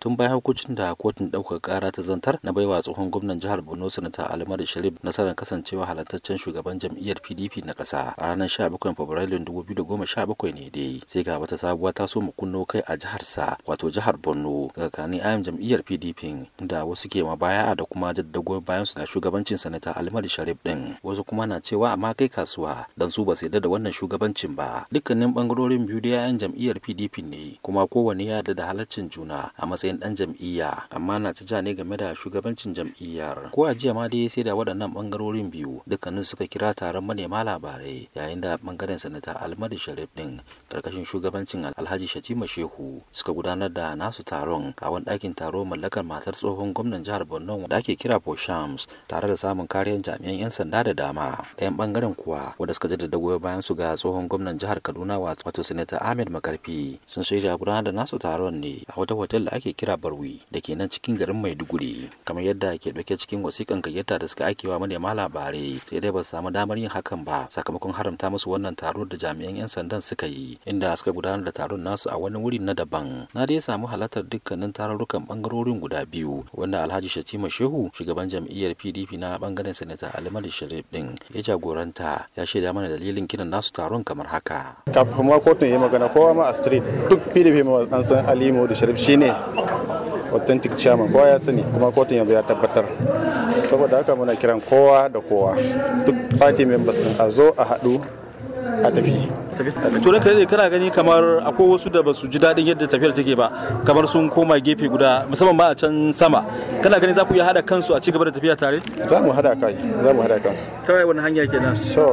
tun bayan hukuncin da kotun ɗaukar ƙara ta zantar na baiwa tsohon gwamnan jihar borno sanata alimar sharif nasarar kasancewa halartaccen shugaban jam'iyyar pdp na ƙasa a ranar 17 fabrairun 2017 ne dai sai ga wata sabuwa ta so mu kunno kai a jihar sa wato jihar borno daga kani ayan jam'iyyar pdp da wasu ke ma baya da kuma jaddago bayan su na shugabancin sanata alimar sharif din wasu kuma na cewa amma kai kasuwa dan su ba su yarda da wannan shugabancin ba dukkanin bangarorin biyu da yayan jam'iyyar pdp ne kuma kowane ya da halaccin juna a matsayin matsayin dan jam'iyya amma na ta ja ne game da shugabancin jam'iyyar ko a jiya ma dai sai da waɗannan bangarorin biyu dukkanin suka kira taron manema labarai yayin da bangaren sanata almadi sharif din karkashin shugabancin alhaji shatima shehu suka gudanar da nasu taron kawon ɗakin taro mallakar matar tsohon gwamnan jihar borno da ake kira shams tare da samun kariyar jami'an 'yan sanda da dama ɗayan bangaren kuwa wanda suka jaddada goyon bayan su ga tsohon gwamnan jihar kaduna wato sanata ahmed makarfi sun shirya gudanar da nasu taron ne a wata hotel da ake kira barwi da ke nan cikin garin maiduguri kamar yadda ke dauke cikin wasikan gayyata da suka ake wa manema labarai sai dai ba su samu damar yin hakan ba sakamakon haramta musu wannan taro da jami'an 'yan sandan suka yi inda suka gudanar da taron nasu a wani wuri na daban na dai samu halartar dukkanin tarurrukan bangarorin guda biyu wanda alhaji shatima shehu shugaban jam'iyyar pdp na bangaren sanata alimadu sharif din ya jagoranta ya shaida mana dalilin kiran nasu taron kamar haka kafin ma kotun ya magana kowa ma a street duk pdp ma an san alimu da sharif shine authentic chairman kowa ya sani kuma kotun yanzu ya tabbatar saboda haka muna kiran kowa da kowa duk party members a zo a haɗu a tafi to ranka da kana gani kamar akwai wasu da basu ji daɗin yadda tafiyar take ba kamar sun koma gefe guda musamman ma a can sama kana gani za ku iya haɗa kansu a cigaba da tafiya tare za mu haɗa kai za mu haɗa kansu ta wani hanya kenan so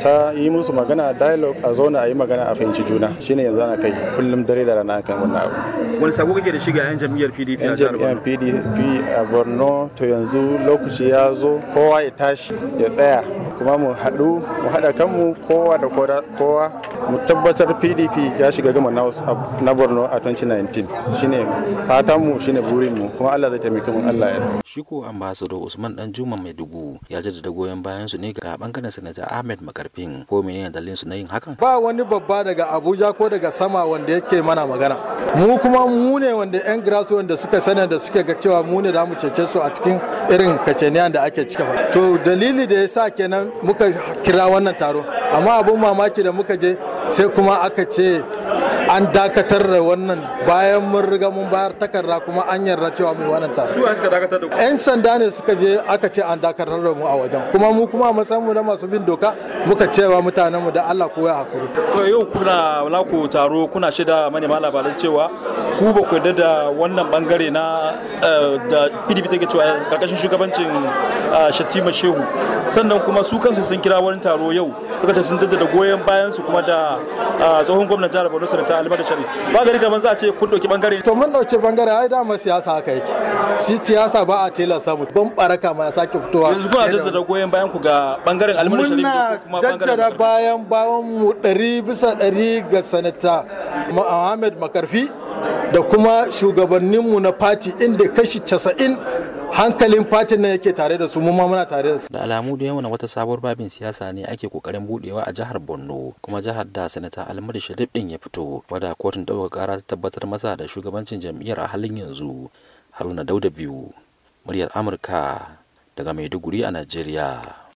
ta yi musu magana dialogue a zauna a yi magana a fahimci juna shine yanzu ana kai kullum dare da rana kan wannan abu wani sako kake da shiga yan jam'iyyar PDP a jihar Borno PDP a Borno to yanzu lokaci ya zo kowa ya tashi ya tsaya kuma mu haɗu mu haɗa kanmu kowa da kowa mu tabbatar pdp ya shiga gama na borno a 2019 shine mu shine mu kuma allah zai taimaki mu allah ya shi ko ambassador usman dan juma mai dugu ya jaddada goyon bayan su ne ga bangaren sanata ahmed makarfin ko menene dalilin su na yin hakan ba wani babba daga abuja ko daga sama wanda yake mana magana mu kuma mu ne wanda yan grass wanda suka sani da suke ga cewa mu ne da mu cece su a cikin irin kaceniyan da ake cika to dalili da yasa kenan muka kira wannan taro amma abun mamaki da muka je sai kuma aka ce an dakatar da wannan bayan mun riga mun bayar takarda kuma an yarda cewa mai wannan ta. Su suka dakatar da ku? 'Yan sanda ne suka je aka ce an dakatar da mu a wajen. Kuma mu kuma matsayin mu na masu bin doka muka cewa mutanen mu da Allah ko ya hakuri. To yau kuna lako taro kuna shida manema labaran cewa ku ba ku yarda da wannan bangare na eh, da PDP take cewa karkashin shugabancin eh, Shatima Shehu. Sannan kuma su kansu sun kira wani taro yau suka ce sun jaddada goyon bayan su kuma da eh, tsohon gwamnan jihar Borno Sanata ɗaliban da shari ba gari kamar za a ce kun ɗauki bangare to mun ɗauki bangare ai dama siyasa haka yake si siyasa ba a tela samu ban baraka ma sake fitowa yanzu kuna jaddada goyon bayan ku ga bangaren almanin shari muna jaddada bayan bayan mu ɗari bisa ɗari ga sanata Muhammad Makarfi da kuma shugabanninmu na fati inda kashi casa'in hankalin fatin nan yake tare da su mu ma muna tare da su da alamu da yawan wata sabuwar babin siyasa ne ake kokarin budewa a jihar Borno kuma jihar da sanata Almudi shadib din ya fito wadda kotun dauka kara ta tabbatar masa da shugabancin jam'iyyar a halin yanzu Haruna Dauda biyu muryar Amurka daga Maiduguri a Najeriya